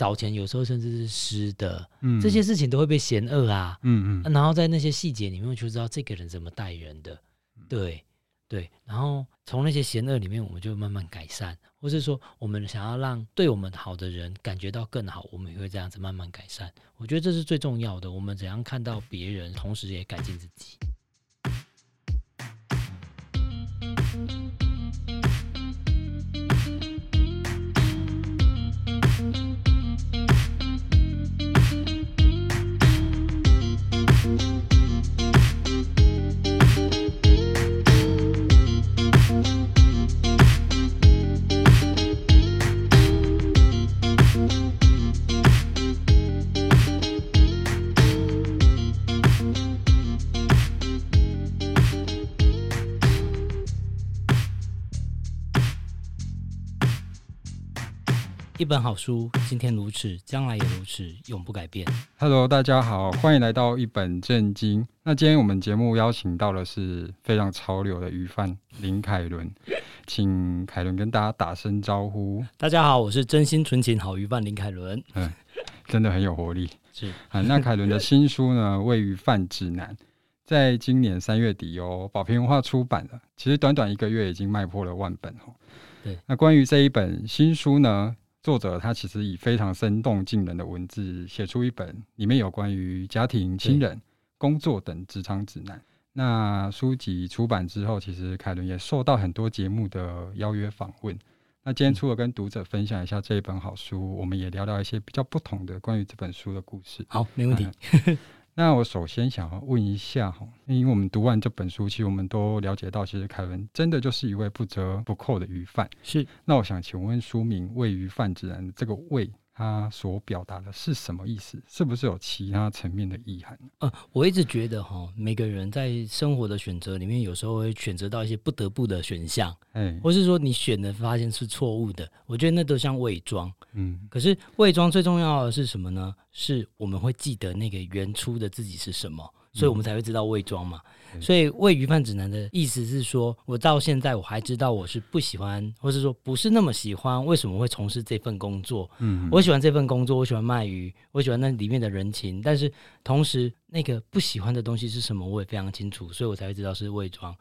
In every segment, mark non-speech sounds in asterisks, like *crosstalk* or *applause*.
早前有時候甚至是濕的，嗯，這些事情都會被嫌惡啊，嗯嗯、啊，然後在那些細節裡面就知道這個人怎麼待人的，對對，然後從那些嫌惡裡面我們就慢慢改善，或是說我們想要讓對我們好的人感覺到更好，我們也會這樣子慢慢改善。我覺得這是最重要的，我們怎樣看到別人，同時也改進自己。本好書，今天如此，將來也如此，永不改變。Hello，大家好，歡迎來到一本朕經。那今天我們節目邀請到的是非常潮流的魚販林楷倫，請楷倫跟大家打聲招呼。大家好，我是真心純情好魚販林楷倫。嗯，真的很有活力。是啊，那楷倫的新書呢， *laughs* 《偽魚販指南》，在今年三月底哦，寶瓶文化出版的。其實短短一個月，已經賣破了萬本哦。對。那關於這一本新書呢？作者他其實以非常生動、近人的文字寫出一本，裡面有關於家庭、親人、工作等職場指南。那書籍出版之後，其實楷倫也受到很多節目的邀約訪問。那今天除了跟讀者分享一下這一本好書、嗯，我們也聊聊一些比較不同的關於這本書的故事。好，沒問題。嗯 *laughs* 那我首先想要問一下哈，因為我們讀完這本書，其實我們都了解到，其實楷倫真的就是一位不折不扣的魚販。是，那我想請問書名《偽魚販指南》這個“偽”。他所表達的是什麼意思？是不是有其他層面的意涵呢？呃，我一直覺得哈，每個人在生活的選擇裡面，有時候會選擇到一些不得不的選項，或是說你選的發現是錯誤的，我覺得那都像偽裝，嗯，可是偽裝最重要的是什麼呢？是我們會記得那個原初的自己是什麼。所以我們才會知道偽裝嘛，所以偽魚販指南的意思是說，我到現在我還知道我是不喜歡，或是說不是那麼喜歡，為什麼會從事這份工作？嗯，我喜歡這份工作，我喜歡賣魚，我喜歡那裡面的人情，但是同時。那個不喜歡的東西是什麼，我也非常清楚，所以我才會知道是偽裝。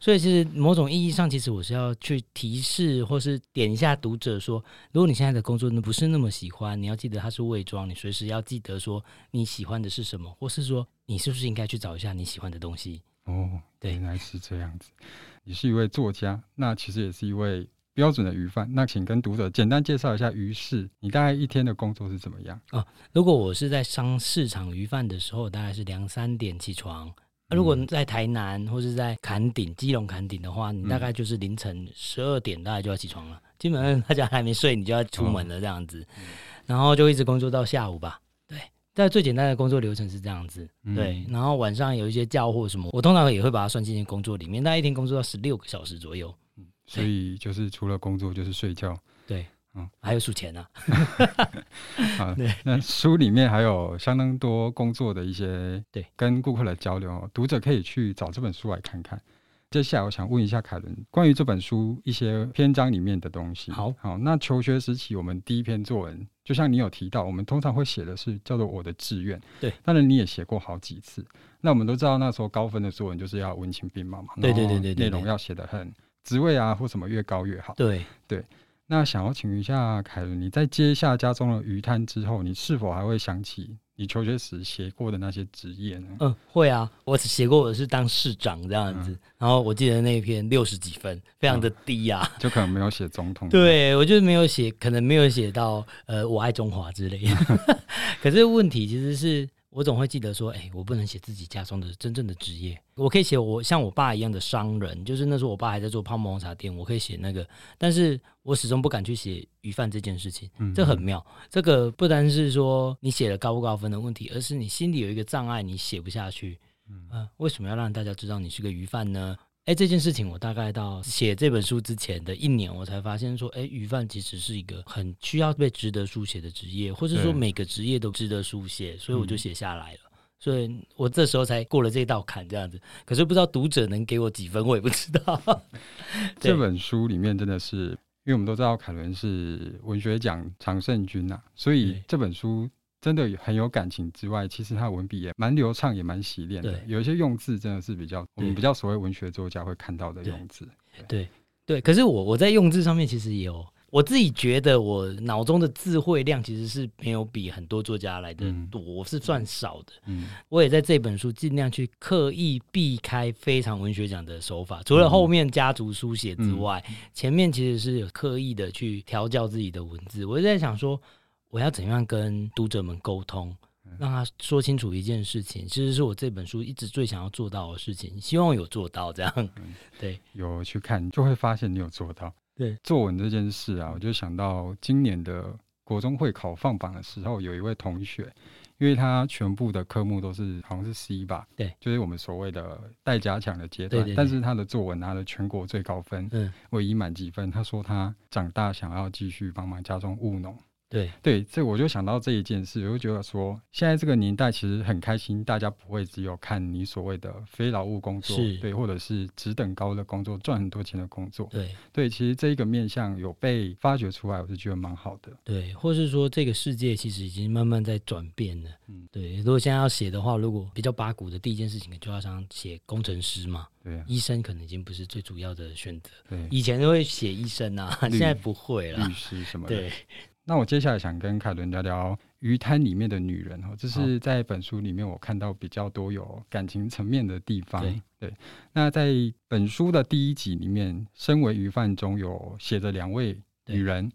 所以，其實某種意義上，其實我是要去提示，或是點一下讀者說：如果你現在的工作呢不是那麼喜歡，你要記得它是偽裝，你隨時要記得說你喜歡的是什麼，或是說你是不是應該去找一下你喜歡的東西。哦，對，應該是這樣子。你是一位作家，那其實也是一位。標準的魚販，那請跟讀者簡單介紹一下魚市。你大概一天的工作是怎麼樣啊？如果我是在商市場魚販的時候，大概是兩三點起床。那、啊、如果在台南或是在坎頂、基隆坎頂的話，你大概就是凌晨十二點，大概就要起床了。嗯、基本上大家還沒睡，你就要出門了這樣子，嗯、然後就一直工作到下午吧。對，在最簡單的工作流程是這樣子。對，嗯、然後晚上有一些交貨什麼，我通常也會把它算進去工作裡面。大概一天工作到十六個小時左右。所以就是除了工作就是睡覺，對，嗯，還有數錢呢、啊 *laughs* 嗯。好，那書裡面還有相當多工作的一些對，跟顧客的交流，讀者可以去找這本書來看看。接下來我想問一下楷倫，關於這本書一些篇章裡面的東西。好，好、嗯，那求學時期我們第一篇作文，就像你有提到，我們通常會寫的是叫做我的志願。對，當然你也寫過好幾次。那我們都知道那時候高分的作文就是要文情並茂嘛，對對對對，對，對，內容要寫得很，職位啊或什麼越高越好。對對，那想要請一下楷倫，你在接下家中的魚攤之後，你是否還會想起你求學時寫過的那些職業呢？嗯、呃，會啊，我寫過我是當市長這樣子、嗯，然後我記得那篇六十幾分，非常的低啊，嗯、就可能沒有寫總統。對，我就沒有寫，可能沒有寫到呃，我愛中華之類的。 *laughs* 可是問題其實是。我總會記得說，哎、欸，我不能寫自己家中的真正的職業，我可以寫我像我爸一樣的商人，就是那時候我爸還在做泡沫紅茶店，我可以寫那個，但是我始終不敢去寫魚販這件事情，這很妙，嗯嗯這個不單是說你寫了高不高分的問題，而是你心裡有一個障礙，你寫不下去。嗯、呃，為什麼要讓大家知道你是個魚販呢？哎，這件事情我大概到寫這本書之前的一年，我才發現說，哎，魚販其實是一個很需要被值得書寫的職業，或是說每個職業都值得書寫，所以我就寫下來了、嗯。所以我這時候才過了這道坎，這樣子。可是不知道讀者能給我幾分，我也不知道。這本書裡面真的是， *laughs* 因為我們都知道楷倫是文學獎常勝軍吶，所以這本書、嗯。真的很有感情之外，其實他的文筆也蠻流暢，也蠻洗練的。有一些用字真的是比較我們比較所謂文學作家會看到的用字。對，對。對對，可是，我我在用字上面其實也有我自己覺得我腦中的智慧量其實是沒有比很多作家來的多、嗯，我是算少的。嗯。我也在這本書儘量去刻意避開非常文學獎的手法，除了後面家族書寫之外、嗯嗯，前面其實是有刻意的去調教自己的文字。我就在想說，我要怎樣跟讀者們溝通，讓他說清楚一件事情、嗯？其實是我這本書一直最想要做到的事情，希望有做到這樣。嗯、對，有去看就會發現你有做到。對，作文這件事啊，我就想到今年的國中會考放榜的時候，有一位同學，因為他全部的科目都是好像是 C 吧，對，就是我們所謂的待加強的階段。對、對、對。但是他的作文拿了全國最高分，嗯，唯一滿級分。他說他長大想要繼續幫忙家中務農。對對，這我就想到這一件事，我就覺得說，現在這個年代其實很開心，大家不會只有看你所謂的非勞務工作，對，或者是職等高的工作，賺很多錢的工作。對對，其實這一個面向有被發掘出來，我是覺得蠻好的。對，或是說這個世界其實已經慢慢在轉變了。嗯，對。如果現在要寫的話，如果比較八股的第一件事情，就要想寫工程師嘛。對啊，醫生可能已經不是最主要的選擇。對，以前都會寫醫生啊，現在不會了。律師什麼的。對。那我接下來想跟楷倫聊聊魚攤裡面的女人哦，這是在本書裡面我看到比較多有感情層面的地方。對，那在本書的第一集裡面，身為魚販中有寫着兩位女人，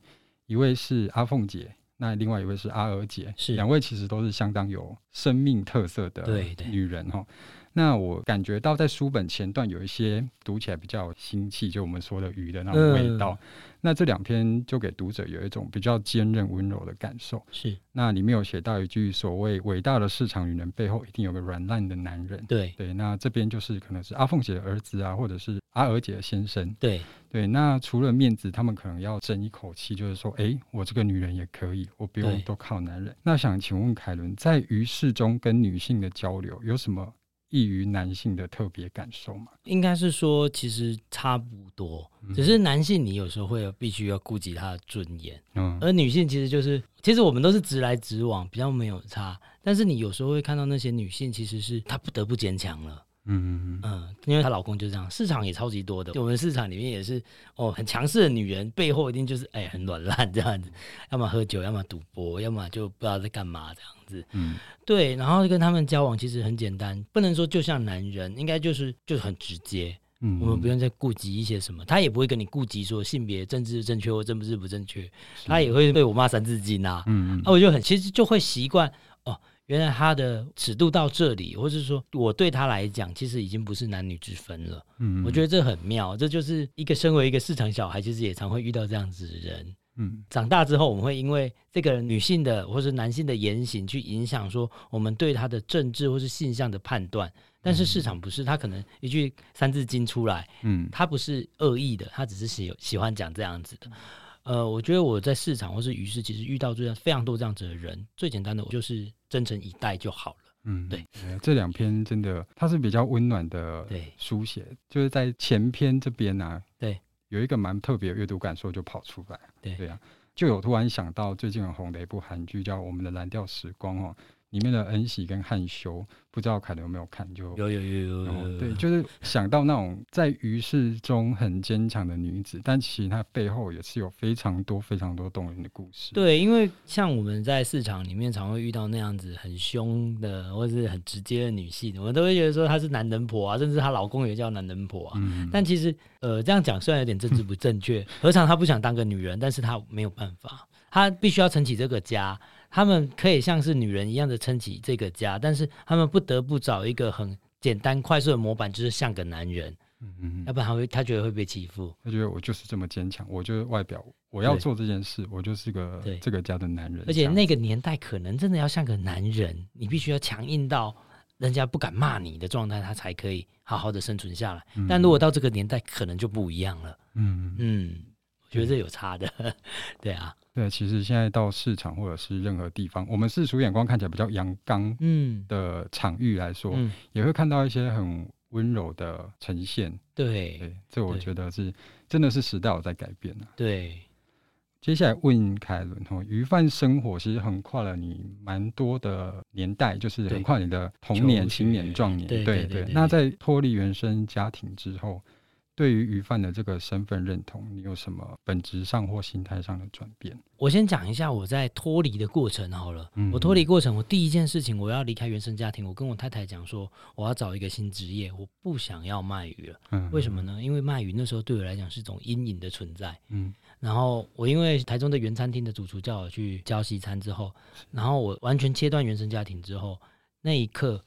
一位是阿鳳姐，那另外一位是阿娥姐，是兩位其實都是相當有生命特色的女人哈。那我感覺到在書本前段有一些讀起來比較腥氣，就我們說的魚的那種味道。嗯、那這兩篇就給讀者有一種比較堅韌溫柔的感受。是，那裡面有寫到一句所謂偉大的市場女人背後一定有個軟爛的男人。對對，那這邊就是可能是阿鳳姐的兒子啊，或者是阿娥姐的先生。對對，那除了面子，他們可能要爭一口氣，就是說，哎、欸，我這個女人也可以，我不用都靠男人。那想請問楷倫，在魚市中跟女性的交流有什麼？異於男性的特別感受嘛？應該是說，其實差不多。嗯，只是男性你有時候會有必須要顧及他的尊嚴。嗯，而女性其實就是，其實我們都是直來直往，比較沒有差。但是你有時候會看到那些女性，其實是她不得不堅強了。嗯嗯嗯，因為她老公就這樣，市場也超級多的，就我們市場裡面也是哦，很強勢的女人背後一定就是哎、欸、很軟爛這樣子，要麼喝酒，要麼賭博，要麼就不知道在幹嘛這樣子。嗯，對，然後跟他們交往其實很簡單，不能說就像男人，應該就是就很直接，嗯，我們不用再顧及一些什麼，他也不會跟你顧及說性別政治正確或政治不正確，他也會被我罵三字經啊，嗯，啊我就很其實就會習慣。原來他的尺度到這裡，或是說，我對他來講，其實已經不是男女之分了。嗯，我覺得這很妙，這就是一個身為一個市場小孩，其實也常會遇到這樣子的人。嗯，長大之後，我們會因為這個女性的或是男性的言行去影響說我們對他的政治或是性向的判斷，嗯。但是市場不是，他可能一句三字經出來，嗯，他不是惡意的，他只是喜喜歡講這樣子的。呃，我覺得我在市場或是於是，其實遇到這樣非常多這樣子的人。最簡單的，我就是。真誠以待就好了。嗯，對，這兩篇真的，它是比較溫暖的書寫，對，就是在前篇這邊啊，對，有一個蠻特別的閱讀感受就跑出來，對對呀，啊，就有突然想到最近很紅的一部韓劇叫《我們的藍調時光》哦。裡面的恩熙跟漢修，不知道凱倫有沒有看？就有有有有有，有有有有有。對，就是想到那種在漁市中很堅強的女子，但其實她背後也是有非常多非常多動人的故事。 *laughs* 對，因為像我們在市場裡面，常會遇到那樣子很兇的，或是很直接的女性，我們都會覺得說她是男人婆啊，甚至她老公也叫男人婆啊。嗯、但其實，呃，這樣講雖然有點政治不正確， *laughs* 何嘗她不想當個女人，但是她沒有辦法。他必須要撐起這個家，他們可以像是女人一樣的撐起這個家，但是他們不得不找一個很簡單、快速的模板，就是像個男人、嗯。要不然他會，他覺得會被欺負。他覺得我就是這麼堅強，我就是外表我要做這件事，我就是個這個家的男人。而且那個年代可能真的要像個男人，你必須要強硬到人家不敢罵你的狀態，他才可以好好的生存下來。嗯、但如果到這個年代，可能就不一樣了。嗯嗯。嗯、覺得有差的， *laughs* 對啊，對，其實現在到市場或者是任何地方，我們世俗眼光看起來比較陽剛，嗯的場域來說、嗯，也會看到一些很溫柔的呈現、嗯對。對，這我覺得是真的是時代在改變、啊、對，接下來問楷倫哈，魚販生活其實很跨了你蠻多的年代，就是很跨你的童年、青年、壯年。對對，對，對，對，對，對對。那在脫離原生家庭之後。對於魚販的這個身份認同，你有什麼本質上或心態上的轉變？我先講一下我在脫離的過程好了。嗯，我脫離過程，我第一件事情我要離開原生家庭。我跟我太太講說，我要找一個新職業，我不想要賣魚了。嗯，為什麼呢？因為賣魚那時候對我來講是一種陰影的存在。嗯，然後我因為台中的原餐廳的主廚叫我去教西餐之後，然後我完全切斷原生家庭之後，那一刻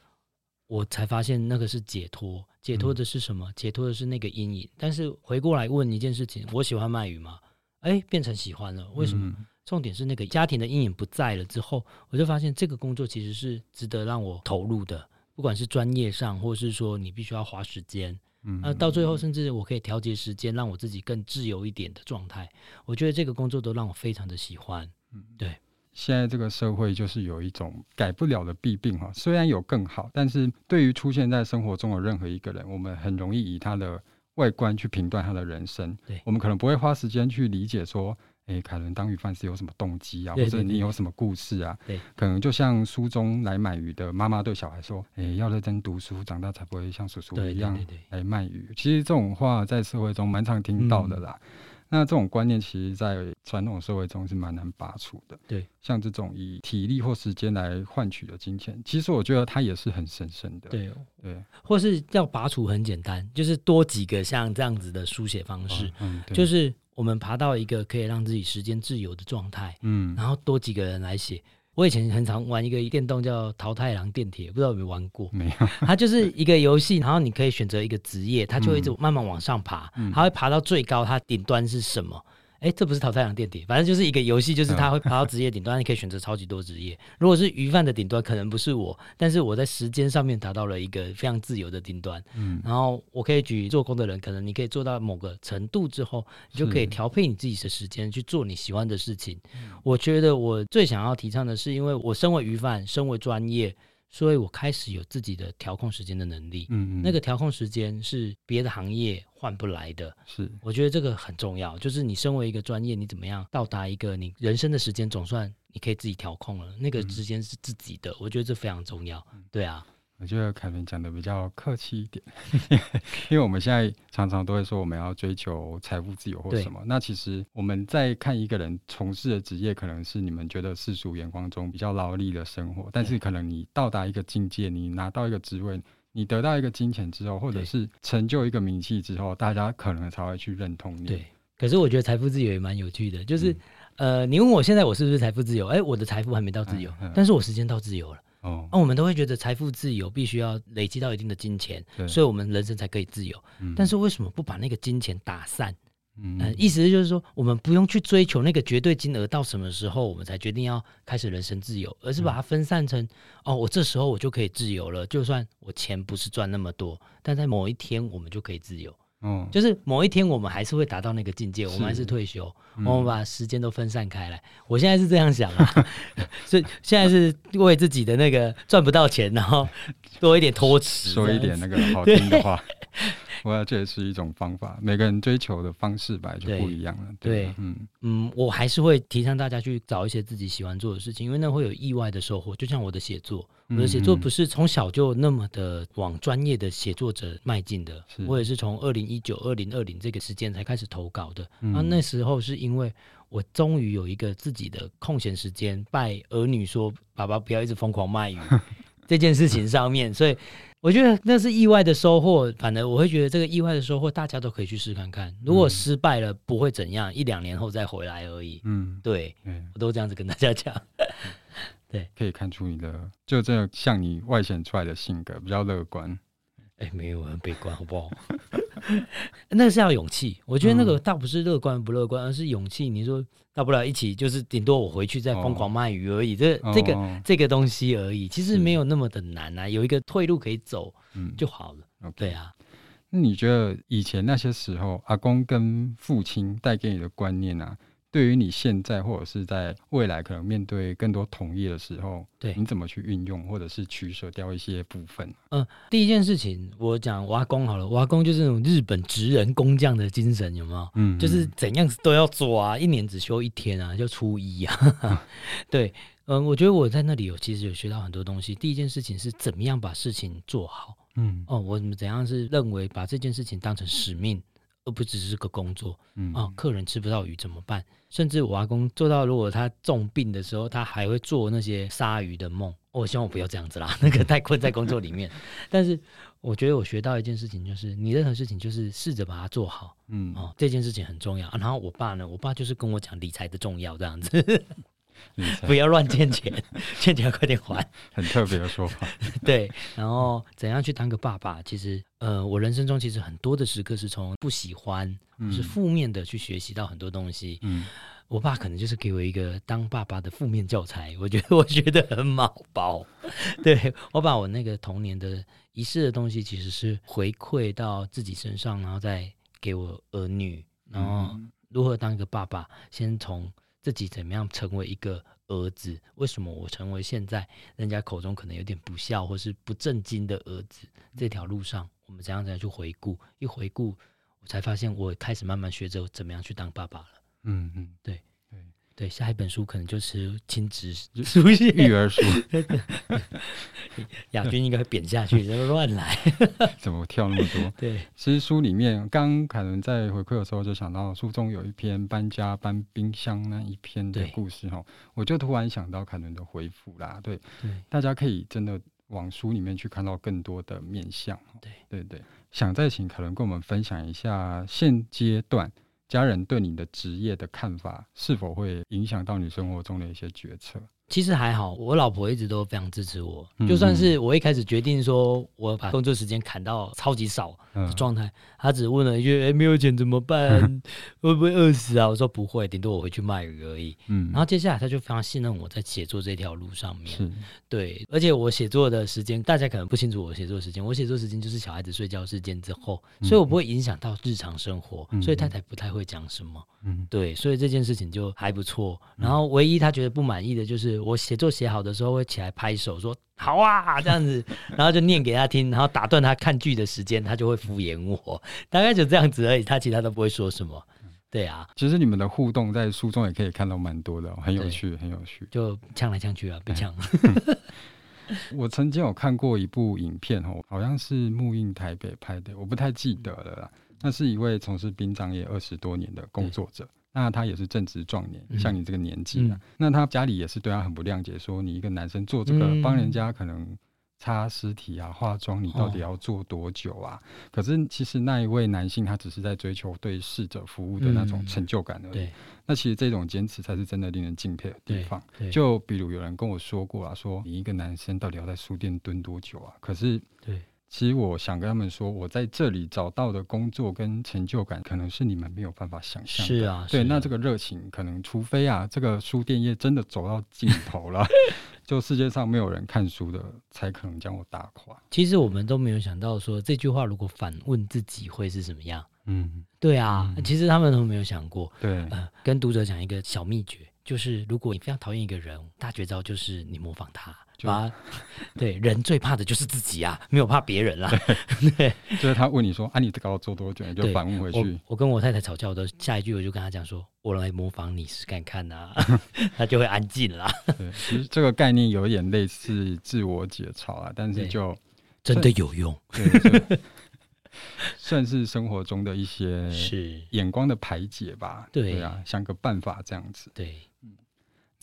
我才發現那個是解脫。解脫的是什麼？嗯、解脫的是那個陰影。但是回過來問一件事情：我喜歡賣魚嗎？哎、欸，變成喜歡了。為什麼？嗯、重點是那個家庭的陰影不在了之後，我就發現這個工作其實是值得讓我投入的。不管是專業上，或是說你必須要花時間，嗯、啊，到最後甚至我可以調節時間，讓我自己更自由一點的狀態。我覺得這個工作都讓我非常的喜歡。嗯，對。現在這個社會就是有一種改不了的弊病哈，雖然有更好，但是對於出現在生活中的任何一個人，我們很容易以他的外觀去評斷他的人生。對，我們可能不會花時間去理解說，哎、欸，凱倫當魚販是有什麼動機啊，對對對。或者你有什麼故事啊？對對對。可能就像書中來買魚的媽媽對小孩說，哎、欸，要認真讀書，長大才不會像叔叔一樣來賣魚。對對對對。其實這種話在社會中蠻常聽到的啦。嗯。那這種觀念，其實在傳統社會中是蠻難拔除的。對，像這種以體力或時間來換取的金錢，其實我覺得它也是很神聖的。對對，或是要拔除很簡單，就是多幾個像這樣子的書寫方式。啊嗯對，就是我們爬到一個可以讓自己時間自由的狀態，嗯，然後多幾個人來寫。我以前很常玩一個電動叫《桃太郎電鐵》，不知道有沒有玩過？沒有。它就是一個遊戲， *laughs* 然後你可以選擇一個職業，它就會一直慢慢往上爬，嗯、它會爬到最高，它頂端是什麼？哎，這不是淘汰羊墊底，反正就是一個遊戲，就是他會爬到職業頂端， *laughs* 你可以選擇超級多職業。如果是魚販的頂端，可能不是我，但是我在時間上面達到了一個非常自由的頂端。嗯，然後我可以舉做工的人，可能你可以做到某個程度之後，你就可以調配你自己的時間、嗯、去做你喜歡的事情。我覺得我最想要提倡的是，因為我身為魚販，身為專業。所以我開始有自己的調控時間的能力，嗯，那個調控時間是別的行業換不來的，是，我覺得這個很重要，就是你身為一個專業，你怎麼樣到達一個你人生的時間總算你可以自己調控了，那個時間是自己的，我覺得這非常重要，對啊。我覺得凱文講得比較客氣一點， *laughs* 因為我們現在常常都會說我們要追求財富自由或什麼。那其實我們在看一個人從事的職業，可能是你們覺得世俗眼光中比較勞力的生活，但是可能你到達一個境界，你拿到一個職位，你得到一個金錢之後，或者是成就一個名氣之後，大家可能才會去認同你。對，可是我覺得財富自由也蠻有趣的，就是、嗯、呃，你問我現在我是不是財富自由？哎、欸，我的財富還沒到自由，嗯嗯、但是我時間到自由了。哦，那我們都會覺得財富自由必須要累積到一定的金錢，對、所以我們人生才可以自由、嗯。但是為什麼不把那個金錢打散？嗯，呃、意思是就是說，我們不用去追求那個絕對金額，到什麼時候我們才決定要開始人生自由，而是把它分散成，嗯、哦，我這時候我就可以自由了。就算我錢不是賺那麼多，但在某一天我們就可以自由。嗯，就是某一天我們還是會達到那個境界，我們還是退休。嗯、我們把時間都分散開來。我現在是這樣想啊， *laughs* 所以現在是為自己的那個賺不到錢，然後多一點托詞， *laughs* 說一點那個好聽的話。我覺得這也是一種方法，每個人追求的方式吧就不一樣了，對對。對，嗯嗯，我還是會提倡大家去找一些自己喜歡做的事情，因為那會有意外的收穫。就像我的寫作，我的寫作不是從小就那麼的往專業的寫作者邁進的，我也是從二零一九二零二零這個時間才開始投稿的。那、嗯啊、那時候是。因為我終於有一個自己的空閒時間，拜兒女說：“爸爸不要一直瘋狂賣魚這件事情上面。 *laughs* ”所以我覺得那是意外的收穫。反而我會覺得這個意外的收穫，大家都可以去試，試看看。如果失敗了、嗯，不會怎樣，一兩年後再回來而已。嗯，對，對我都這樣子跟大家講。 *laughs* 對，可以看出你的就這樣像你外顯出來的性格比較樂觀。哎，沒有很悲觀好不好？ *laughs* *laughs* 那個是要勇氣，我覺得那個倒不是樂觀不樂觀，嗯，而是勇氣。你說大不了一起，就是頂多我回去再瘋狂賣魚而已，哦、這這個、哦、這個東西而已，其實沒有那麼的難啊，有一個退路可以走就好了。嗯 okay. 對啊，那你覺得以前那些時候，阿公跟父親帶給你的觀念呢、啊？對於你現在或者是在未來可能面對更多同業的時候，對你怎麼去運用，或者是取捨掉一些部分？嗯、呃，第一件事情我講阿公好了，阿公就是那種日本職人工匠的精神，有沒有？嗯，就是怎樣都要做啊，一年只休一天啊，就初一啊。 *laughs* *laughs* 對，嗯、呃，我覺得我在那裡有其實有學到很多東西。第一件事情是怎麼樣把事情做好？嗯，哦、呃，我怎麼怎樣是認為把這件事情當成使命。都不只是個工作，嗯、啊、客人吃不到魚怎麼辦？甚至我阿公做到，如果他重病的時候，他還會做那些鯊魚的夢。我希望我不要這樣子啦，那個太困在工作裡面。 *laughs* 但是我覺得我學到一件事情，就是你任何事情就是試着把它做好，嗯哦、啊，這件事情很重要、啊。然後我爸呢，我爸就是跟我講理財的重要這樣子。 *laughs* 不要亂欠錢，欠 *laughs* 錢快點還。很特別的說法。 *laughs* 對，然後怎樣去當個爸爸？其實，呃，我人生中其實很多的時刻是從不喜歡，嗯、是負面的去學習到很多東西。嗯，我爸可能就是給我一個當爸爸的負面教材，我覺得我覺得很毛包。 *laughs* 對，我把我那個童年的遺失的東西，其實是回饋到自己身上，然後再給我兒女，然後如何當一個爸爸，先從。自己怎麼樣成為一個兒子？為什麼我成為現在人家口中可能有點不孝或是不正經的兒子？這條路上，我們怎樣怎樣去回顧？一回顧，我才發現我開始慢慢學着怎麼樣去當爸爸了。嗯嗯，對。對，下一本書可能就是親職書系、育兒書。亞軍應該會貶下去，這 *laughs* 亂來，怎麼跳那麼多？對，其實書裡面，剛凱倫在回饋的時候就想到書中有一篇搬家搬冰箱那一篇的故事哈，我就突然想到凱倫的回復啦。對，對大家可以真的往書裡面去看到更多的面向。對對對，對，想再請凱倫跟我們分享一下現階段。家人對你的職業的看法是否會影響到你生活中的一些決策？其實還好，我老婆一直都非常支持我。嗯、就算是我一開始決定說我把工作時間砍到超級少的狀態，她、嗯、只問了一句：“哎、欸，沒有錢怎麼辦？會、嗯、不會餓死啊？”我說：“不會，頂多我回去賣魚而已。”嗯。然後接下來她就非常信任我在寫作這條路上面。對，而且我寫作的時間，大家可能不清楚我寫作時間，我寫作時間就是小孩子睡覺時間之後，所以我不會影響到日常生活、嗯，所以太太不太會講什麼。嗯。對，所以這件事情就還不錯、嗯。然後唯一她覺得不滿意的就是。我寫作寫好的時候會起來拍手說好啊，這樣子，然後就念給他聽，然後打斷他看劇的時間，他就會敷衍我，大概就這樣子而已，他其他都不會說什麼。對啊，其實你們的互動在書中也可以看到蠻多的，很有趣，很有趣，就嗆來嗆去啊，不嗆了。 *laughs* 我曾經有看過一部影片哦，好像是木印台北拍的，我不太記得了啦。那是一位從事殯葬業二十多年的工作者。那他也是正值壯年、嗯，像你這個年紀啊、嗯。那他家裡也是對他很不諒解，說你一個男生做這個幫、嗯、人家可能擦屍體啊、化妝，你到底要做多久啊、哦？可是其實那一位男性他只是在追求對逝者服務的那種成就感而已。嗯、那其實這種堅持才是真的令人敬佩的地方。就比如有人跟我說過啊，說你一個男生到底要在書店蹲多久啊？可是對。其實我想跟他們說，我在這裡找到的工作跟成就感，可能是你們沒有辦法想象的。是啊、是啊，對，那這個熱情，可能除非啊，這個書店業真的走到盡頭了， *laughs* 就世界上沒有人看書的，才可能將我打垮。其實我們都沒有想到說這句話，如果反問自己會是什麼樣。嗯，對啊、嗯，其實他們都沒有想過。對，呃，跟讀者講一個小秘訣。就是如果你非常討厭一個人，大絕招就是你模仿他啊。對，人最怕的就是自己啊，沒有怕別人啊。對， *laughs* 對，就是他問你說：“啊，你這要做多久？”你就反問回去。我，我跟我太太吵架的下一句，我就跟他講說：“我來模仿你，試看看啊。 *laughs* ”他就會安靜了。其實這個概念有點類似自我解嘲啊，但是就真的有用。對，算是生活中的一些是眼光的排解吧，對。對啊，想個辦法這樣子。對。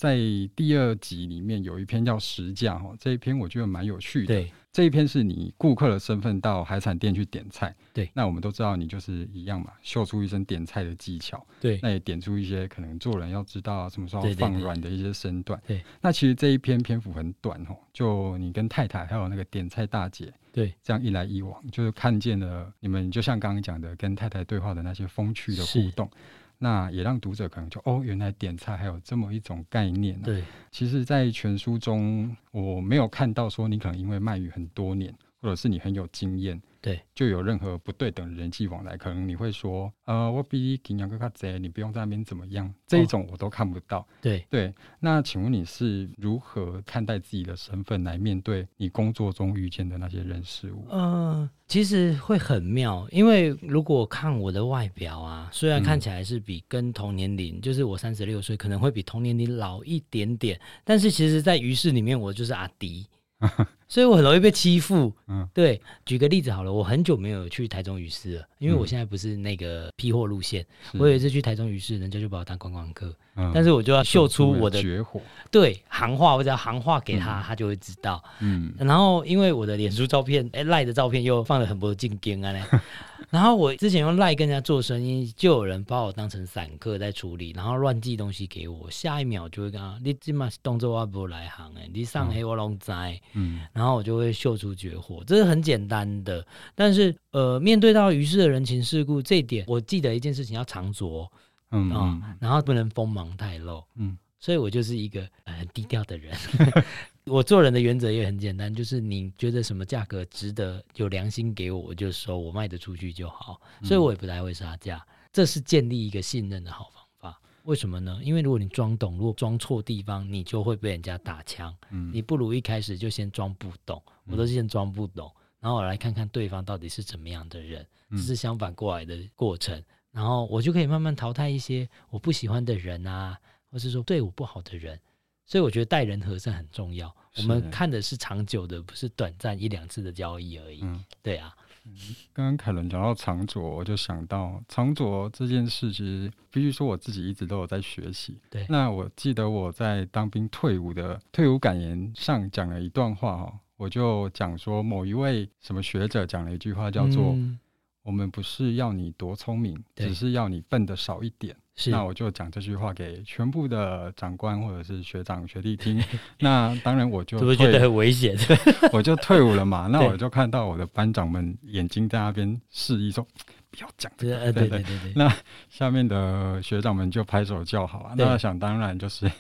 在第二集裡面有一篇叫《時價》，哈，這一篇我覺得蠻有趣的。對，這一篇是你顧客的身份到海產店去點菜。對，那我們都知道你就是一樣嘛，秀出一身點菜的技巧。對，那也點出一些可能做人要知道什麼時候放軟的一些身段。對,對,對，那其實這一篇篇幅很短哦，就你跟太太還有那個點菜大姐，對，這樣一來一往，就是看見了你們就像剛剛講的跟太太對話的那些風趣的互動。那也讓讀者可能就哦，原來點菜還有這麼一種概念啊。對，其實，在全書中我沒有看到說你可能因為賣魚很多年，或者是你很有經驗。對，就有任何不對等人際往來，可能你會說，呃，我比你平陽哥卡賊，你不用在那邊怎麼樣，這一種我都看不到。哦、對對，那請問你是如何看待自己的身份來面對你工作中遇見的那些人事物？嗯、呃，其實會很妙，因為如果看我的外表啊，雖然看起來是比跟同年齡、嗯，就是我三十六歲，可能會比同年齡老一點點，但是其實在於是裡面，我就是阿弟。 *laughs* 所以我很容易被欺負。嗯，對，舉個例子好了，我很久沒有去台中魚市了，因為我現在不是那個批貨路線。嗯、我有一次去台中魚市，人家就把我當觀光客，嗯、但是我就要秀出我的出絕活。對，行話，我只要行話給他，嗯，他就會知道。嗯，然後因為我的臉書照片，哎、嗯，賴、欸、的照片又放了很多禁監啊。 *laughs* 然後我之前用賴跟人家做生意，就有人把我當成散客在處理，然後亂寄東西給我，下一秒就會跟他：你「你這麼是動作，我不來行你上黑，我攏知道。嗯。嗯然後我就會秀出絕活，這是很簡單的。但是，呃，面對到於是的人情世故，這一點我記得一件事情要藏拙，嗯啊、嗯哦，然後不能鋒芒太露，嗯。所以我就是一個很、呃、低調的人。 *laughs* 我做人的原則也很簡單，就是你覺得什麼價格值得，有良心給我，我就收，我賣得出去就好。所以我也不太會殺價，這是建立一個信任的好方法。為什麼呢？因為如果你裝懂，如果裝錯地方，你就會被人家打槍，嗯。你不如一開始就先裝不懂。我都是先裝不懂，嗯，然後我來看看對方到底是怎麼樣的人，這、嗯、是相反過來的過程。然後我就可以慢慢淘汰一些我不喜歡的人啊，或是說對我不好的人。所以我覺得待人和善很重要。我們看的是長久的，不是短暫一兩次的交易而已。嗯、對啊。剛剛楷倫講到藏拙，我就想到藏拙這件事，其實必須說我自己一直都有在學習。對，那我記得我在當兵退伍的退伍感言上講了一段話哦，我就講說某一位什麼學者講了一句話，叫做、嗯“我們不是要你多聰明，只是要你笨得少一點”。那我就講這句話給全部的長官或者是學長學弟聽。那當然我就 *laughs* 是不是覺得很危險？ *laughs* 我就退伍了嘛。那我就看到我的班長們眼睛在那邊示意說。不要講這個對，對對對對。那下面的學長們就拍手叫好啊。那想當然就是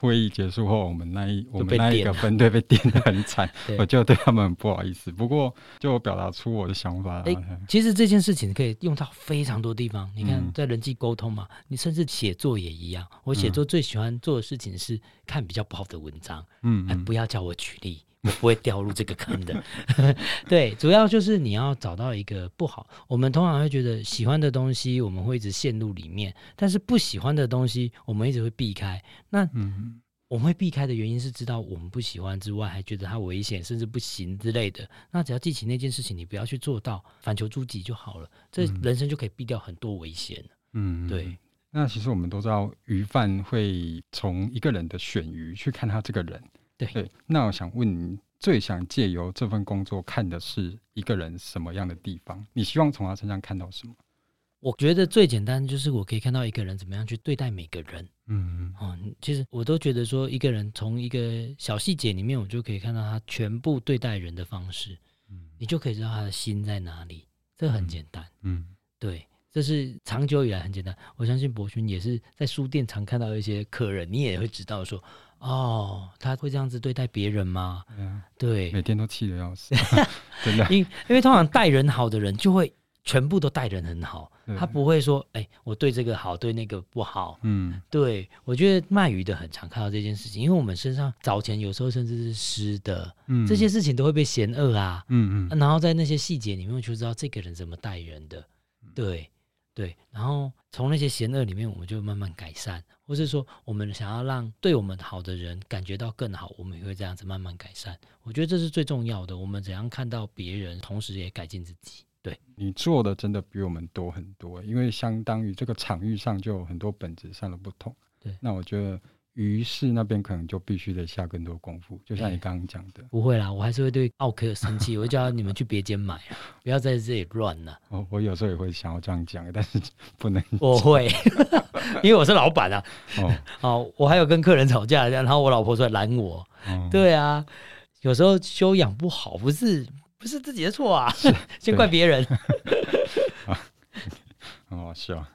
會議結束後，我們那一我們那一個分隊被點得很慘，我就對他們很不好意思。不過就我表達出我的想法、啊欸。其實這件事情可以用到非常多地方。你看，在人際溝通嘛、嗯，你甚至寫作也一樣。我寫作最喜歡做的事情是看比較不好的文章。嗯，嗯、啊，不要叫我舉例。 *laughs* 我們不會掉入這個坑的， *laughs* 對，主要就是你要找到一個不好。我們通常會覺得喜歡的東西，我們會一直陷入裡面，但是不喜歡的東西，我們一直會避開。那，嗯，我們會避開的原因是知道我們不喜歡之外，還覺得它危險，甚至不行之類的。那只要記起那件事情，你不要去做到，反求諸己就好了，這人生就可以避掉很多危險。嗯，對。那其實我們都知道，魚販會從一個人的選魚去看他這個人。對，對，那我想問你，最想借由這份工作看的是一個人什麼樣的地方？你希望從他身上看到什麼？我覺得最簡單就是，我可以看到一個人怎麼樣去對待每個人。嗯嗯。哦，其實我都覺得說，一個人從一個小細節裡面，我就可以看到他全部對待人的方式。嗯，你就可以知道他的心在哪裡，這很簡單嗯。嗯，對，這是長久以來很簡單。我相信博勳也是在書店常看到一些客人，你也會知道說。哦，他會這樣子對待別人嗎？嗯、啊，對，每天都氣得要死， *laughs* *laughs* 真的。因為因為通常待人好的人，就會全部都待人很好，他不會說，哎、欸，我對這個好，對那個不好。嗯，對，我覺得賣魚的很常看到這件事情，因為我們身上早前有時候甚至是濕的，嗯，這些事情都會被嫌惡啊，嗯嗯、啊，然後在那些細節裡面我就知道這個人怎麼待人的，對。對，然後從那些嫌惡裡面，我們就慢慢改善，或是說，我們想要讓對我們好的人感覺到更好，我們也會這樣子慢慢改善。我覺得這是最重要的，我們怎樣看到別人，同時也改進自己。對，你做的真的比我們多很多，因為相當於這個場域上就有很多本質上的不同。對，那我覺得。於是那邊可能就必須得下更多功夫，就像你剛剛講的、欸，不會啦，我還是會對奧客生氣，我會叫你們去別間買、啊， *laughs* 不要在這裡亂了、啊。哦，我有時候也會想要這樣講，但是不能。我會， *laughs* 因為我是老板啊。哦，好、哦，我還有跟客人吵架，然後我老婆出來攔我、嗯。對啊，有時候修養不好，不是不是自己的錯啊， *laughs* 先怪別人。 *laughs* 哦，是啊，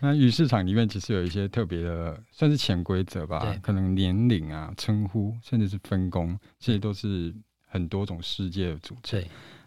那魚市場裡面其實有一些特別的， *laughs* 算是潛規則吧，可能年齡啊、稱呼，甚至是分工，這些都是很多種世界的組成。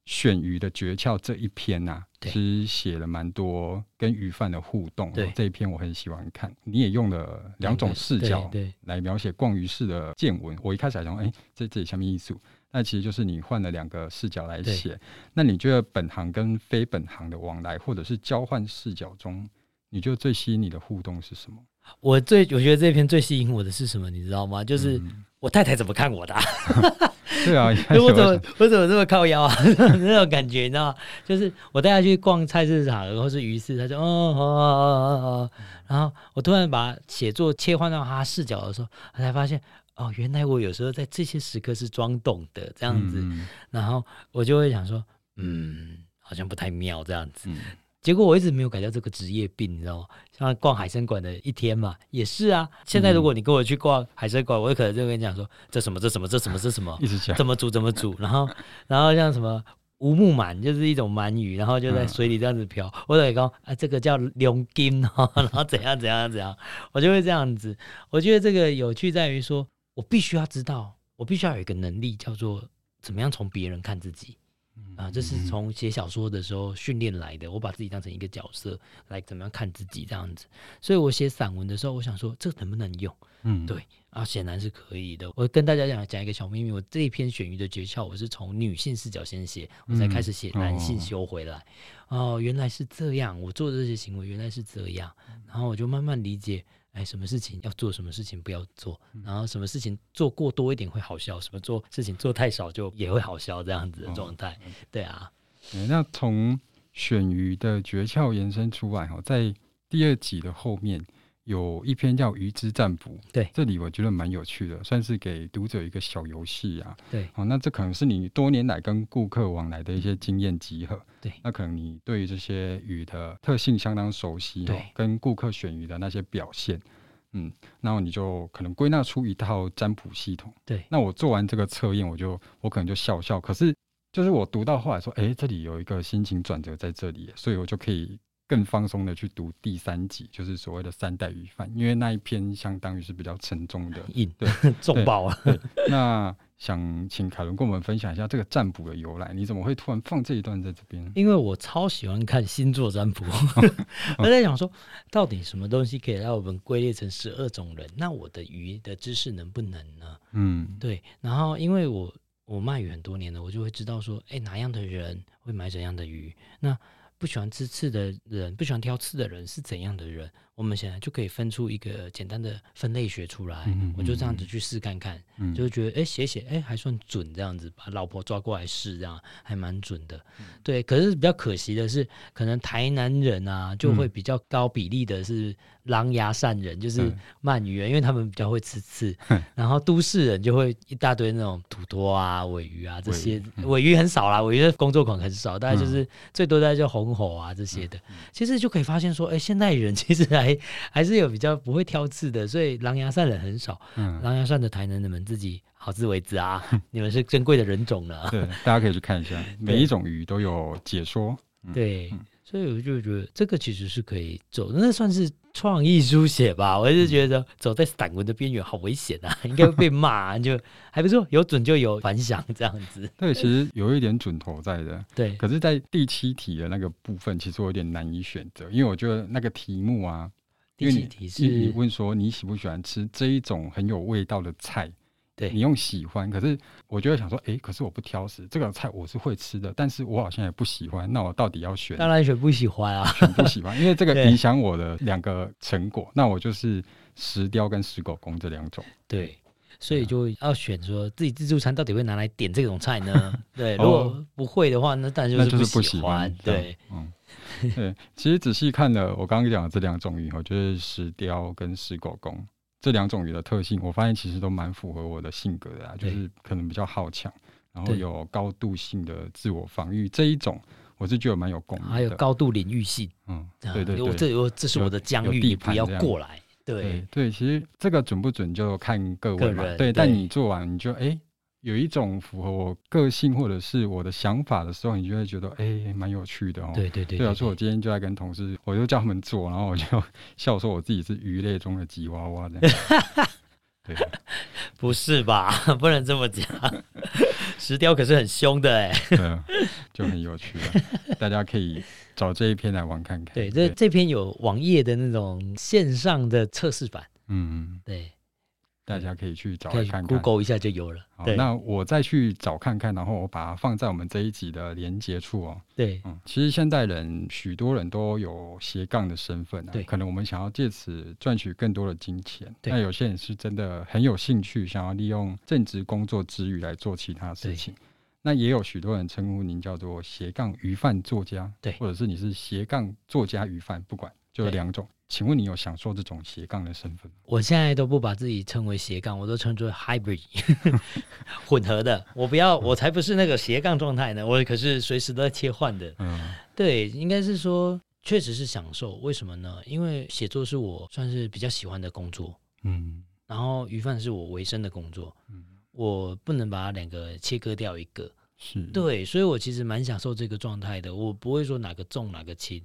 選魚的訣竅這一篇吶、啊，其實寫了蠻多跟魚販的互動，這一篇我很喜歡看。你也用了兩種視角來描寫逛魚市的見聞。我一開始還想說，哎、欸，這裡這裡什麼意思？那其實就是你換了兩個視角來寫。那你覺得本行跟非本行的往來，或者是交換視角中，你覺得最吸引你的互動是什麼？我最我覺得這篇最吸引我的是什麼？你知道嗎？就是我太太怎麼看我的啊？嗯、 *laughs* 對啊， *laughs* 我怎麼 *laughs* 我怎麼這麼靠腰啊？ *laughs* 那種感覺你知道嗎？就是我帶她去逛菜市場，或是魚市，她就哦哦哦哦哦哦，然後我突然把寫作切換到她視角的時候，她才發現。哦，原來我有時候在這些時刻是裝懂的這樣子、嗯，然後我就會想說，嗯，好像不太妙這樣子。嗯、結果我一直沒有改掉這個職業病，你知道嗎？像逛海生館的一天嘛，也是啊。現在如果你跟我去逛海生館，嗯、我可能就會跟你講說，這什麼這什麼這什麼這什麼，一直講怎麼煮怎麼煮。然後然後像什麼無目鰻就是一種鰻魚，然後就在水裡這樣子漂。嗯、我得講啊，這個叫龍筋哦，然後怎樣怎樣怎樣，我就會這樣子。我覺得這個有趣在於說。我必須要知道，我必須要有一個能力，叫做怎麼樣從別人看自己，嗯、啊，這是從寫小說的時候訓練來的。我把自己當成一個角色來怎麼樣看自己，這樣子。所以我寫散文的時候，我想說這個、能不能用？嗯，對，啊，顯然是可以的。我跟大家講講一個小秘密，我這一篇選魚的訣竅，我是從女性視角先寫，我才開始寫男性修回來，嗯哦。哦，原來是這樣，我做的這些行為原來是這樣，然後我就慢慢理解。哎，什麼事情要做，什麼事情不要做，然後什麼事情做過多一點會好笑，什麼做事情做太少就也會好笑。這樣子的狀態，哦嗯、對啊、欸。那從選魚的訣竅延伸出來，在第二集的後面。有一篇叫《魚之占卜》，對，這裡我覺得蠻有趣的，算是給讀者一個小遊戲啊。對，好、哦，那這可能是你多年來跟顧客往來的一些經驗集合。對，那可能你對於這些魚的特性相當熟悉，對，哦、跟顧客選魚的那些表現，嗯，然後你就可能歸納出一套占卜系統。對，那我做完這個測驗，我就我可能就笑笑，可是就是我讀到後來說，哎、欸，這裡有一個心情轉折在這裡，所以我就可以。更放鬆的去讀第三集，就是所謂的三代魚販，因為那一篇相當於是比較沉重的，嗯，對重爆啊。那想請楷倫跟我們分享一下這個占卜的由來。你怎麼會突然放這一段在這邊？因為我超喜歡看星座占卜，我、哦、在想說，到底什麼東西可以讓我們歸類成十二種人？那我的魚的知識能不能呢？嗯，對。然後因為我我賣魚很多年了，我就會知道說，哎、欸，哪樣的人會買怎樣的魚？那不喜歡吃刺的人、不喜歡挑刺的人是怎樣的人？我們現在就可以分出一個簡單的分類學出來，嗯嗯嗯嗯我就這樣子去試看看，嗯嗯就是覺得哎寫寫哎還算準，這樣子把老婆抓過來試，這樣還蠻準的。對，可是比較可惜的是，可能台南人啊就會比較高比例的是狼牙鱔人，嗯、就是鰻魚人，因為他們比較會吃刺，刺、嗯。然後都市人就會一大堆那種土托啊、鮪魚啊這些，鮪魚、嗯、鮪魚很少啦，鮪魚的工作狂很少，大概就是、嗯、最多大概就紅火啊這些的、嗯。其實就可以發現說，哎、欸，現代人其實。還還是有比較不會挑刺的，所以狼牙山人很少。嗯、狼牙山的台南你們自己好自為之啊呵呵！你們是珍貴的人種了，對，大家可以去看一下， *laughs* 每一種魚都有解說、嗯。對，所以我就覺得這個其實是可以走，那算是。創意書寫吧，我一直覺得走在、嗯、散文的邊緣好危險啊，應該會被罵、啊。 *laughs* 就還不錯，有準就有反響這樣子。對，其實有一點準頭在的。對。可是，在第七題的那個部分，其實我有點難以選擇，因為我覺得那個題目啊，第七題是你問說你喜不喜歡吃這一種很有味道的菜。對你用喜歡，可是我就想說，哎、欸，可是我不挑食，這個菜我是會吃的，但是我好像也不喜歡，那我到底要選？當然選不喜歡啊，不喜歡，因為這個影響我的兩個成果， *laughs* 那我就是石雕跟石狗公這兩種。對，所以就要選說、嗯、自己自助餐到底會拿來點這種菜呢？ *laughs* 對，如果不會的話，那當然就是不喜歡。喜歡，對，對 *laughs* 嗯，對，其實仔細看了我剛剛講的這兩種以後，就是石雕跟石狗公。這兩種魚的特性，我發現其實都蠻符合我的性格的啊，就是可能比較好強，然後有高度性的自我防禦這一種，我是覺得蠻有共鳴的。還有高度領域性，嗯，對對對，啊、我這我這是我的疆域，你不要過來。對對，對，其實這個準不准就看各位嘛，對，但你做完你就哎。欸有一種符合我個性或者是我的想法的時候，你就會覺得哎，蠻、欸欸、有趣的哦、喔。對對對，對，對，對，譬如說我今天就在跟同事，我就叫他們做，然後我就笑說我自己是魚類中的吉娃娃這樣哈哈，對， *laughs* 不是吧？不能這麼講， *laughs* 石雕可是很凶的哎，就很有趣了。大家可以找這一篇來玩看看。對，這這篇有網頁的那種線上的測試版。嗯嗯，對。大家可以去找看看，Google 一下就有了。好，那我再去找看看，然後我把它放在我們這一集的連接處哦、喔。對，嗯，其實現在人許多人都有斜槓的身份、啊，對，可能我們想要借此賺取更多的金錢，對。那有些人是真的很有興趣，想要利用正職工作之餘來做其他事情。那也有許多人稱呼您叫做斜槓魚販作家，對，或者是你是斜槓作家魚販，不管，就兩種。請問你有享受這種斜槓的身份嗎？我現在都不把自己稱為斜槓，我都稱作 hybrid 呵呵 *laughs* 混合的。我不要，嗯、我才不是那個斜槓狀態呢。我可是隨時都在切換的。嗯，對，應該是說確實是享受。為什麼呢？因為寫作是我算是比較喜歡的工作。嗯，然後魚販是我維生的工作。嗯，我不能把兩個切割掉一個。是對，所以我其實蠻享受這個狀態的。我不會說哪個重哪個輕。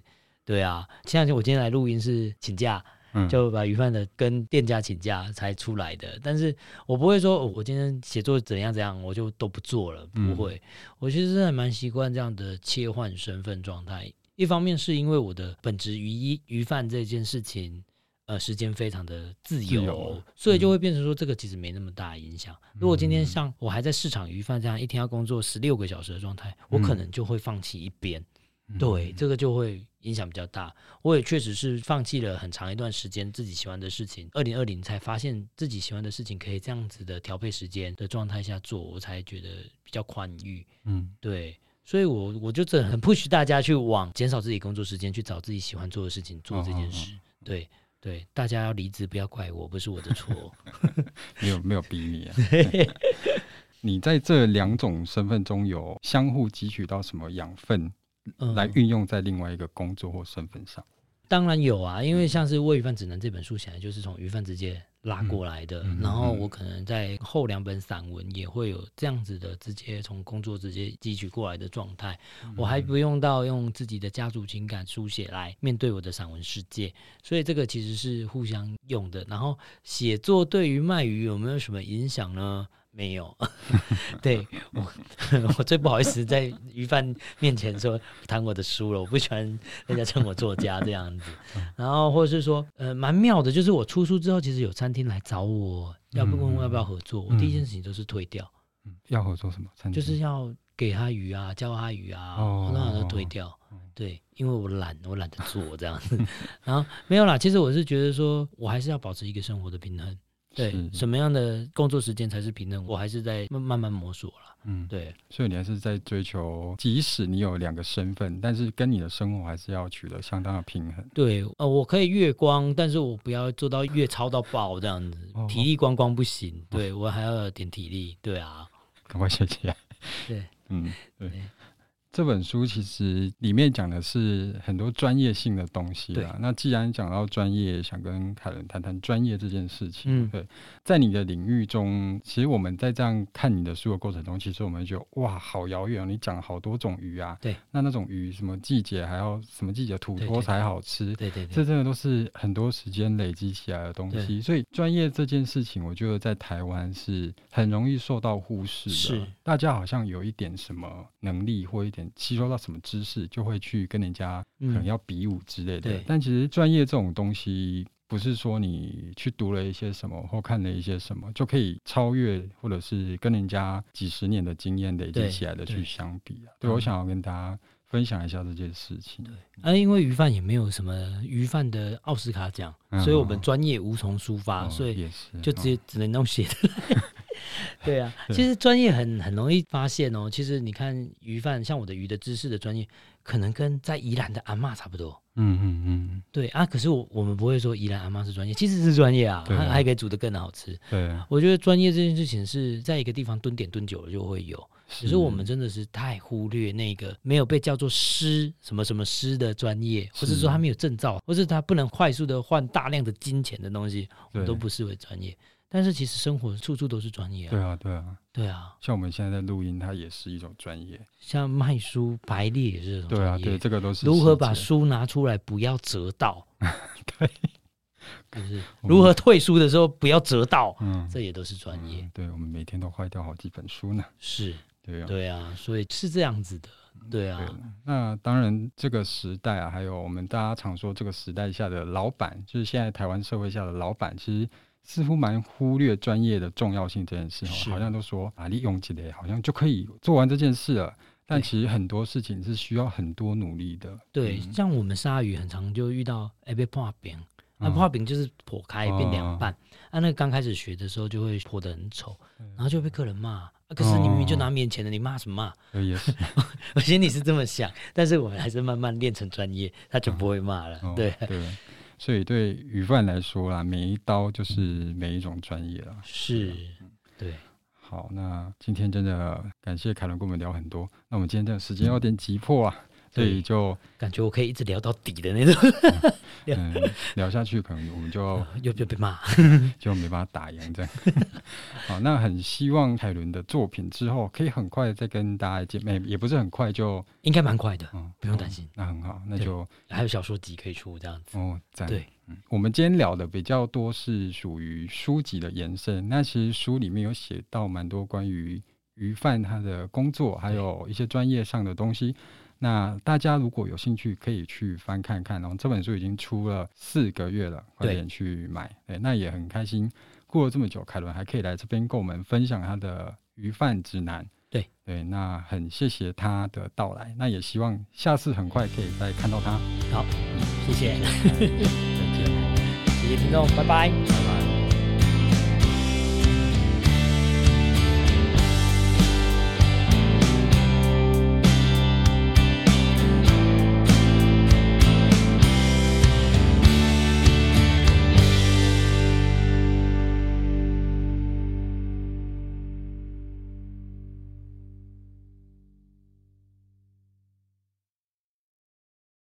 對啊，像我今天來錄音是請假，嗯、就把魚販的跟店家請假才出來的。但是我不會說，我今天寫作怎樣怎樣，我就都不做了，不會。嗯、我其實還蠻習慣這樣的切換身份狀態。一方面是因為我的本職魚一魚販這件事情，呃，時間非常的自由，自由，所以就會變成說，這個其實沒那麼大影響、嗯。如果今天像我還在市場魚販這樣一天要工作十六個小時的狀態，我可能就會放棄一邊。嗯嗯、對這個就會影響比較大，我也確實是放棄了很長一段時間自己喜歡的事情。二零二零才發現自己喜歡的事情可以這樣子的調配時間的狀態下做，我才覺得比較寬裕。嗯，對，所以我，我我就很 push 大家去往減少自己工作時間，去找自己喜歡做的事情做這件事。哦哦哦對對，大家要離職，不要怪我，不是我的錯。 *laughs* 沒有沒有逼你啊。 *laughs* 你在這兩種身份中有相互汲取到什麼養分？來運用在另外一個工作或身份上、嗯，當然有啊，因為像是《偽魚販指南》這本書，顯然就是從魚販直接拉過來的、嗯。然後我可能在後兩本散文也會有這樣子的，直接從工作直接汲取過來的狀態、嗯。我還不用到用自己的家族情感書寫來面對我的散文世界，所以這個其實是互相用的。然後寫作對於賣魚有沒有什麼影響呢？沒有， *laughs* 對我我最不好意思在魚販面前說談我的書了，我不喜歡人家稱我作家這樣子。然後或者是說，呃，蠻妙的，就是我出書之後，其實有餐廳來找我，嗯、要不問要不要合作、嗯。我第一件事情都是推掉、嗯。要合作什麼？餐廳就是要給他魚啊，教他魚啊，我通常都推掉、哦。對，因為我懶，我懶得做這樣子。 *laughs* 然後沒有啦，其實我是覺得說我還是要保持一個生活的平衡。對，什麼樣的工作時間才是平衡？我還是在慢慢摸索了。嗯，對，所以你還是在追求，即使你有兩個身份，但是跟你的生活還是要取得相當的平衡。對，呃，我可以月光，但是我不要做到月超到爆這樣子，體力光光不行。哦哦，對，我還要點體力。對啊，趕快學起來。對，嗯，對。這本書其實裡面講的是很多專業性的東西啦。那既然講到專業，想跟楷倫談談專，專業這件事情。嗯，對，在你的領域中，其實我們在這樣看你的書的過程中，其實我們就覺得哇，好遙遠哦，你講好多種魚啊。對，那那種魚什麼季節還要什麼季節土魠才好吃。對對，對對對，這真的都是很多時間累積起來的東西。所以專業這件事情，我覺得在台灣是很容易受到忽視的。大家好像有一點什麼能力或一點。吸收到什麼知識，就會去跟人家可能要比武之類的。但其實專業這種東西，不是說你去讀了一些什麼或看了一些什麼，就可以超越或者是跟人家幾十年的經驗累積起來的去相比。對，我想要跟大家。分享一下這件事情。對，啊，因為魚販也沒有什麼魚販的奧斯卡獎，嗯，所以我們專業無從抒發，哦，所以就直接，哦、只能弄麼的 *laughs* 對啊，其實專業很很容易發現哦、喔。其實你看魚販，像我的魚的知識的專業，可能跟在宜蘭的阿嬤差不多。嗯嗯嗯，對啊。可是我我們不會說宜蘭阿嬤是專業，其實是專業啊，啊，它還可以煮得更好吃。對，啊，我覺得專業這件事情是在一個地方蹲點蹲久了就會有。只是，是我們真的是太忽略那個沒有被叫做師什麼什麼師的專業，或是說他沒有證照，或是他不能快速的換大量的金錢的東西，我們都不視為專業。但是其實生活處處都是專業啊。對啊，對啊，對啊。像我們現在在錄音，它也是一種專業。像賣書排列也是種專業。對啊，對，這個都是。如何把書拿出來不要折到？對， *laughs* 可是如何退書的時候不要折到。嗯，這也都是專業。嗯，對我們每天都壞掉好幾本書呢。是。對，對啊，所以是這樣子的，對啊。對，那當然，這個時代啊，還有我們大家常說這個時代下的老闆，就是現在台灣社會下的老闆，其實似乎蠻忽略專業的重要性這件事，好像都說啊，利用起來好像就可以做完這件事了。但其實很多事情是需要很多努力的。對，嗯、像我們鯊魚，很常就遇到哎被跨扁。那、嗯啊、泡餅就是破開變兩半，嗯，啊，那個剛開始學的時候就會破得很醜，然後就被客人罵、啊。可是你明明就拿面前的，嗯，你罵什麼罵？嗯嗯、 *laughs* 我心裡是這麼想， *laughs* 但是我們還是慢慢練成專業，他就不會罵了。嗯、對對，所以對魚販來說啦，每一刀就是每一種專業了，嗯。是，對。好，那今天真的感謝楷倫跟我們聊很多。那我們今天這個時間有點急迫啊。嗯所以就感覺我可以一直聊到底的那種，聊，嗯 *laughs* 嗯，聊下去可能我們就又就被罵， *laughs* 就沒辦法打贏這樣。 *laughs* 好，那很希望楷倫的作品之後可以很快再跟大家見面，嗯，也不是很快就，就應該蠻快的，不用擔心。那很好，那就還有小說集可以出這樣子。哦，對，嗯，我們今天聊的比較多是屬於書籍的延伸。那其實書裡面有寫到蠻多關於魚販他的工作，還有一些專業上的東西。那大家如果有興趣，可以去翻看看。然後這本書已經出了四個月了，快點去買。哎，那也很開心，過了這麼久，楷倫還可以來這邊跟我們分享他的魚販指南。對對，那很謝謝他的到來。那也希望下次很快可以再看到他。好，謝謝，再見，謝謝聽眾，拜拜，拜拜。